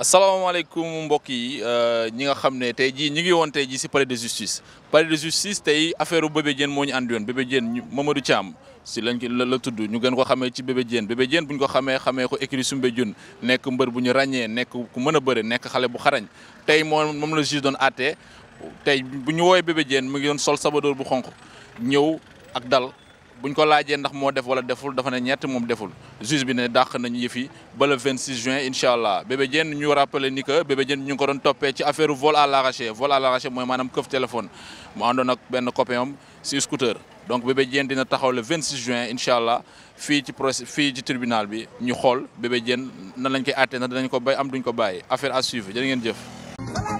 asalaamaaleykum mbokk yi euh, ñi nga xam ne tey jii ñu ngi woon tey jii si palais de justice palais de justice tey affaire u Bébé Diène moo ñu àndi woon Bébé Diène Mamadou Thiam si lañ la tudd ñu gën ko xamee ci Bébé Diène Bébé Diène bu ñu ko xamee xamee ko écrit sumbe jun nekk mbër bu ñu ràññee nekk ku mën a bëre nekk xale bu xarañ tey moom moom la juge doon àtte tey bu ñu woowee Bébé Diène mu ngi doon sol sabadoor bu xonq ñëw ak dal buñ ko laajee ndax moo def wala deful dafa ne ñett moom deful juge bi ne dàq nañu yëf ba le juin incha allah bébé Diène ñu rappelé ni que bébé Diène ñu ngi ko doon toppee ci affaire vol à l'arraché vol à l'arraché mooy maanaam këf téléphone mu àndoon ak benn copain am si scooter donc bébé Diène dina taxaw le 26 juin incha allah fii ci procès fii ci tribunal bi ñu xool bébé Diène nan lañ koy àttee ndax ko bay am duñ ko bàyyi affaire à suivre jërë ngeen jëf.